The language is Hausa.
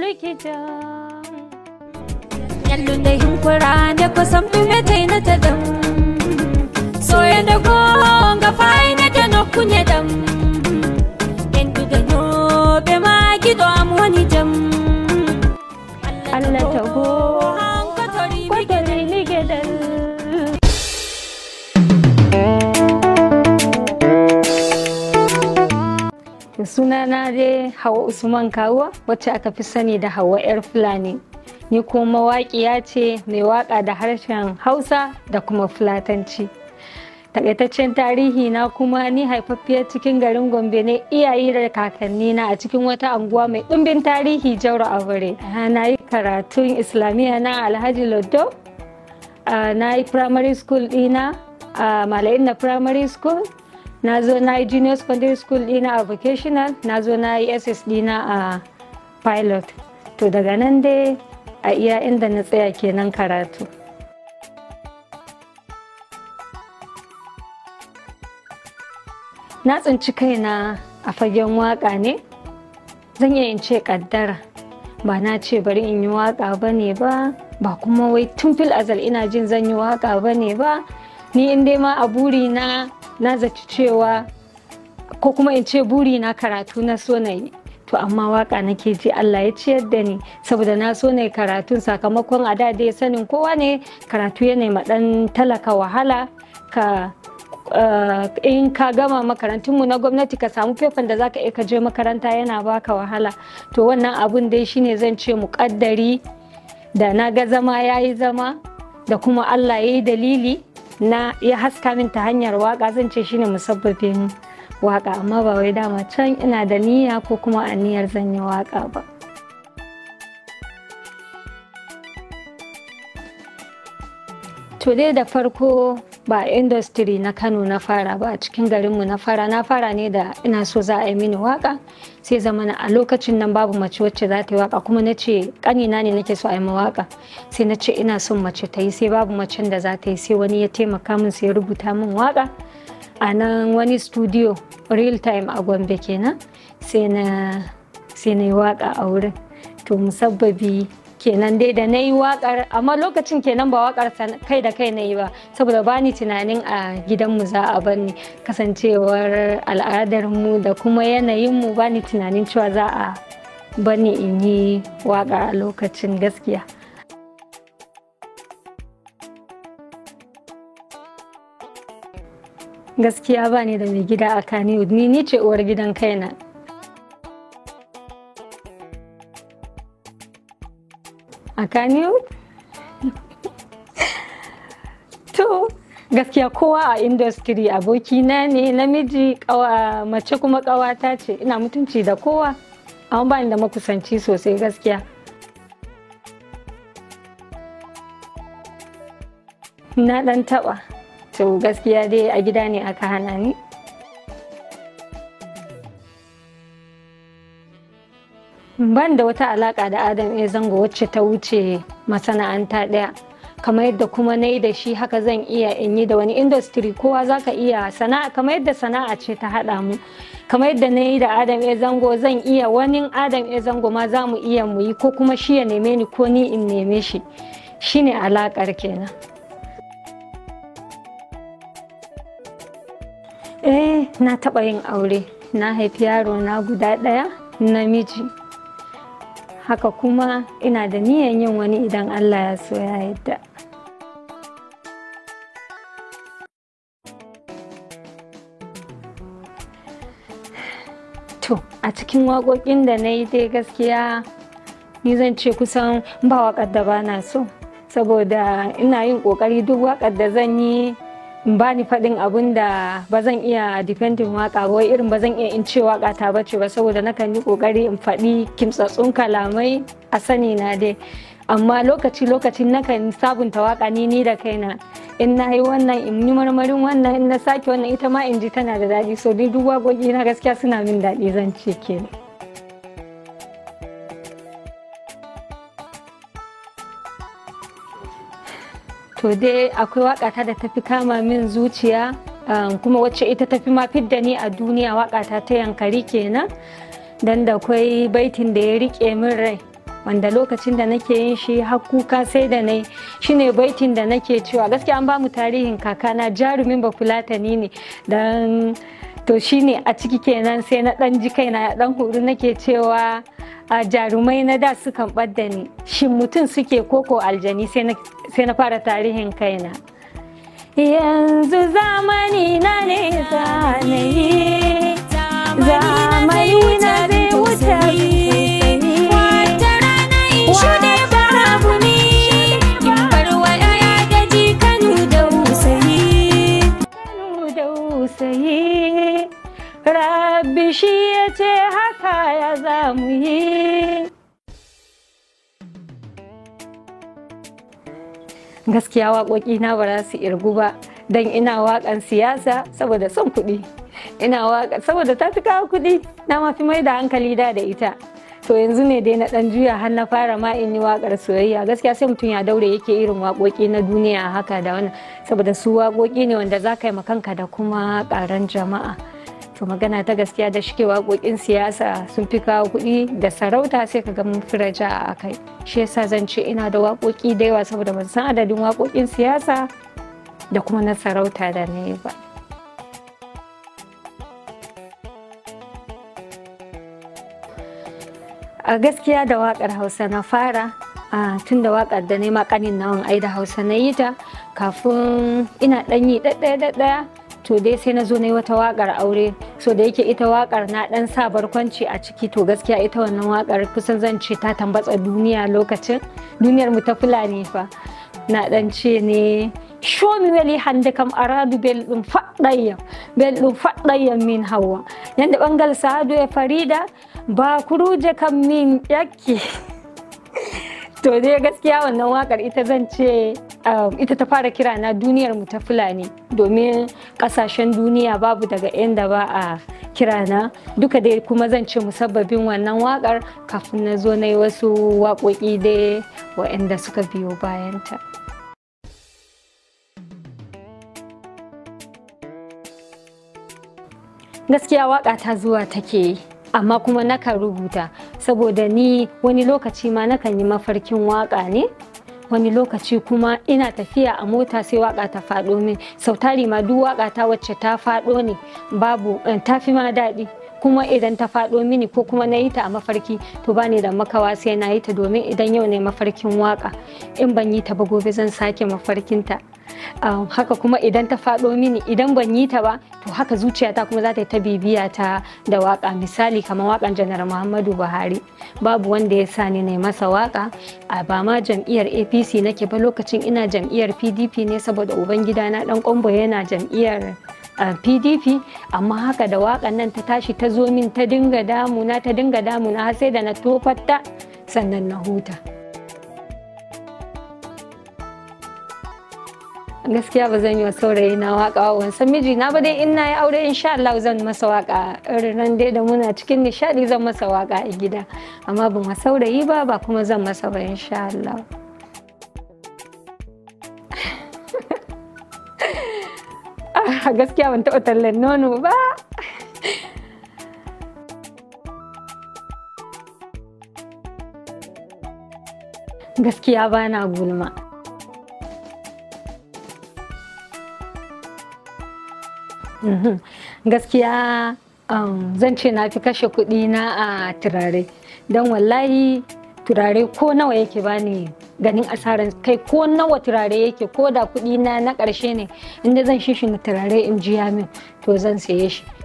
likita yallu da hinkura da kusan mimete na ta dam soya da gonga fayi na ta no kunya dam kendu da no be ma gido am wani jam Allah ta go Suna sunana dai Hawa Usman Kawuwa wacce aka fi sani da Hawa 'yar Fulani. Ni kuma mawaƙiya ce mai waƙa da harshen Hausa da kuma Fulatanci. Takaitaccen tarihi na kuma ni haifaffiyar cikin garin Gombe ne iyaye da kakanni na a cikin wata anguwa mai ɗumbin tarihi Jauro Abure. Na yi karatun Islamiyya na Alhaji lodo Na yi primary school ɗina a malayin na primary school na zo na yi junior secondary school dina a vocational na zo na yi ss dina a pilot to daga nan dai a iya inda na tsaya kenan karatu na tsinci kaina a fagen waka ne zan iya ce kaddara ba na ce bari in yi waka ba ne ba ba kuma wai tun fil azal ina jin zan yi waka ba ne ba ni in dai ma a buri na na zaci cewa ko kuma in ce buri na karatu na so na yi to amma waka nake ji Allah ya ciyar da ni saboda na so na yi karatu sakamakon a da ya sanin kowa ne karatu yana ma dan talaka wahala ka eh, in ka gama makarantunmu na gwamnati ka samu fefan da zaka iya kaje je makaranta yana baka wahala to wannan abun dai shine zan ce muƙaddari da na ga zama ya yi zama da kuma Allah ya yi dalili na ya haska min ta hanyar waka zan ce shine musabbabin waka amma ba wai dama can ina da niyya ko kuma a niyyar zan yi waka ba to dai da farko ba industry na kano na fara ba a cikin garinmu na fara na fara ne da ina so za a yi mini waka sai zamana a lokacin nan babu mace wacce za ta yi waka kuma na ce kanina ne nake so a yi ma mawaka sai na ce ina son mace ta yi sai babu macen da za ta yi sai wani ya taimaka min sai ya rubuta min waka a nan wani studio real time a gombe kenan sai na yi waka a wurin to musabbabi kenan dai da na yi wakar amma lokacin kenan ba wakar kai da kai na yi ba saboda ba ni tunanin a gidanmu za a bani kasancewar al'adarmu da kuma yanayinmu ba ni tunanin cewa za a bani in yi waka a lokacin gaskiya. gaskiya bani da mai gida a kaniwood ni ni ce uwar gidan kaina a can to gaskiya kowa a industry abokina ne namiji mace kuma kawata ce ina mutunci da kowa an bani da makusanci sosai gaskiya na dan taba to gaskiya dai a gida ne aka hana ni ban da wata alaka da adam ya zango wacce ta wuce masana'anta ɗaya kamar yadda kuma na yi da shi haka zan iya in yi da wani industry kowa za ka iya sana'a kamar yadda sana'a ce ta haɗa mu kamar yadda na yi da adam ya zango zan iya wani adam ya zango ma za mu iya mu yi ko kuma shi ya neme ni ko ni in neme shi shine alakar kenan eh na taɓa yin aure na haifi yaro na guda ɗaya namiji haka kuma ina da niyan yin wani idan allah ya so ya yadda to a cikin waƙoƙin da na yi dai gaskiya ni zan ce kusan ba waƙar da ba na so saboda ina yin ƙoƙari duk waƙar da zan yi in ba ni faɗin abun da ba zan iya defending waka ba irin ba zan iya in ce waka ta bace ba saboda nakan yi kokari in faɗi kimtsatsun kalamai a sani na dai amma lokaci lokacin nakan sabunta waka ni ni da kaina in na yi wannan in yi marmarin wannan in na sake wannan ita ma in ji tana da daɗi so dai duk waƙoƙi na gaskiya suna min daɗi zan ce kenan to dai akwai wakata da tafi kama min zuciya um, kuma wacce ita tafi ma fidda ni a duniya wakata ta yankari kenan dan da kwai baitin da ya rike min rai wanda lokacin da nake yin shi har kuka sai da nai shine baitin da nake cewa gaskiya an bamu tarihin kakana jarumin ni ne dan to shine a ciki kenan sai na dan ji kaina ya dan hudu nake cewa A jarumai na da sukan ɓadda ni shin mutum suke koko aljani sai na fara tarihin kaina yanzu zamani na ne yi zamani na gaskiya waƙoƙi na ba za su irgu ba don ina waƙan siyasa saboda son kuɗi ina waƙa saboda ta fi kawo kuɗi na mafi mai da hankali da da ita to yanzu ne dai na ɗan juya har na fara ma in yi waƙar soyayya gaskiya sai mutum ya daure yake irin waƙoƙi na duniya haka da wannan saboda su waƙoƙi ne wanda za ka yi makanka da kuma ƙaran jama'a to magana ta gaskiya da shi ke waƙoƙin siyasa sun fi kawo kuɗi da sarauta sai ka ga mun firaja a kai shi yasa zan ce ina da waƙoƙi da yawa saboda ban san adadin waƙoƙin siyasa da kuma na sarauta da na yi ba a gaskiya da waƙar hausa na fara tun da waƙar da nema ƙanin nawan ai da hausa na yi ta kafin ina ɗanyi ɗaɗɗaya ɗaya to dai sai na zo na yi wata wakar aure so da yake ita wakar na dan sa barkwanci a ciki to gaskiya ita wannan wakar kusan zan ce ta tambatsa duniya lokacin duniyar mu ta fulani fa na dan ce ne shomi weli hande kam aradu belɗum bel belɗum faɗɗayyam min hawa yanda bangal saadu e farida bakuruje kam min yakki. to dai gaskiya wannan wakar ita zan ce um, ita ta fara kira na duniyar mu ta fulani domin kasashen duniya babu daga inda ba a kira na duka dai kuma zan ce musabbabin wannan wakar kafin na zo na yi wasu waƙoƙi dai wa'anda suka biyo bayanta. gaskiya waka ta zuwa take yi. amma kuma nakan rubuta saboda ni wani lokaci ma nakan yi mafarkin waka ne wani lokaci kuma ina tafiya a mota sai waka ta faɗo min sautari ma duk waka ta wacce ta faɗo ne babu eh, ta fi ma daɗi kuma idan ta faɗo mini ko kuma na yi ta a mafarki to bani da makawa sai na yi ta domin idan yau ne mafarkin waka in ban yi ta ba gobe zan sake mafarkinta ah, haka kuma idan ta faɗo mini idan ban yi ta ba to haka zuciyata kuma za ta yi ta bibiya ta da waka misali kamar wakan janar muhammadu buhari babu wanda ya sa ni na masa waka a ba ma jam'iyyar apc nake ba lokacin ina jam'iyyar pdp ne saboda ubangida na dan kwambo yana jam'iyyar pdp amma haka da wakan nan ta tashi ta zo min ta dinga damuna ta dinga damuna har sai da na tofatta sannan na huta. gaskiya ba zan yi wa saurayi na waka wa wansan mijina miji na ba dai in na yi aure sha Allah zan masa waka irin nan dai da muna cikin nishadi zan masa waka a gida amma ban wa saurayi ba ba kuma zan masa ba sha Allah ah, gaskiya ban taɓa tallan nono ba gaskiya ba na gulma Mhm. gaskiya um, zan ce na fi kashe kuɗi na a turare don wallahi turare ko nawa yake bani ganin asarar kai ko nawa turare yake ko da kuɗi na na ƙarshe ne inda zan shi shi na turare in ji min to zan saye shi